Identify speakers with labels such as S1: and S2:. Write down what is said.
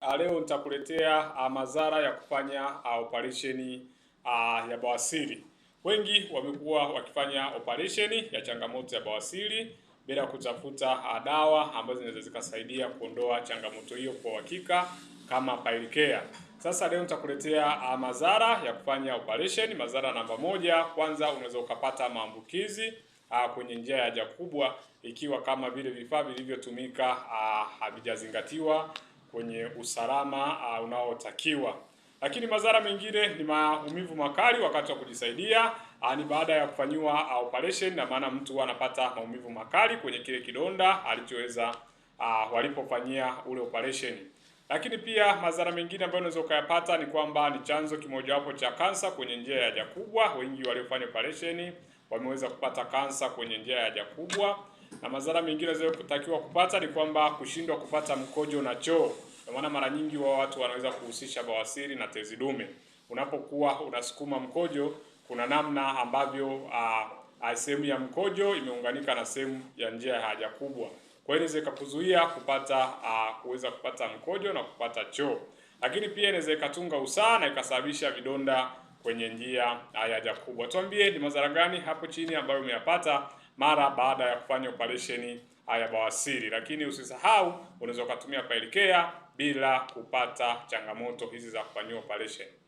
S1: Ah, leo nitakuletea ah, madhara ya kufanya uh, ya bawasiri. Wengi wamekuwa wakifanya operation ya changamoto ya bawasiri bila kutafuta dawa ambazo zinaweza zikasaidia kuondoa changamoto hiyo kwa uhakika kama pailikea. Sasa leo nitakuletea uh, madhara ya kufanya operation. Madhara namba moja, kwanza unaweza ukapata maambukizi kwenye njia ya haja kubwa ikiwa kama vile vifaa vilivyotumika havijazingatiwa kwenye usalama uh, unaotakiwa. Lakini madhara mengine ni maumivu makali wakati wa kujisaidia, uh, ni baada ya kufanyiwa uh, operation, na maana mtu anapata maumivu makali kwenye kile kidonda alichoweza uh, walipofanyia ule operation. Lakini pia madhara mengine ambayo unaweza ukayapata ni kwamba ni chanzo kimojawapo cha kansa kwenye njia ya haja kubwa. Wengi waliofanya operation wameweza kupata kansa kwenye njia ya haja kubwa na madhara mengine zinazotakiwa kupata ni kwamba kushindwa kupata mkojo na choo. Kwa maana mara nyingi wa watu wanaweza kuhusisha bawasiri na tezi dume. Unapokuwa unasukuma mkojo, kuna namna ambavyo sehemu ya mkojo imeunganika na sehemu ya njia ya haja kubwa, kwa hiyo inaweza ikakuzuia kupata kuweza kupata mkojo na kupata choo, lakini pia inaweza ikatunga usaha na ikasababisha vidonda kwenye njia ya haja kubwa. Tuambie ni madhara gani hapo chini ambayo umeyapata mara baada ya kufanya operesheni ya bawasiri. Lakini usisahau, unaweza ukatumia paelikea bila kupata changamoto hizi za kufanyiwa operesheni.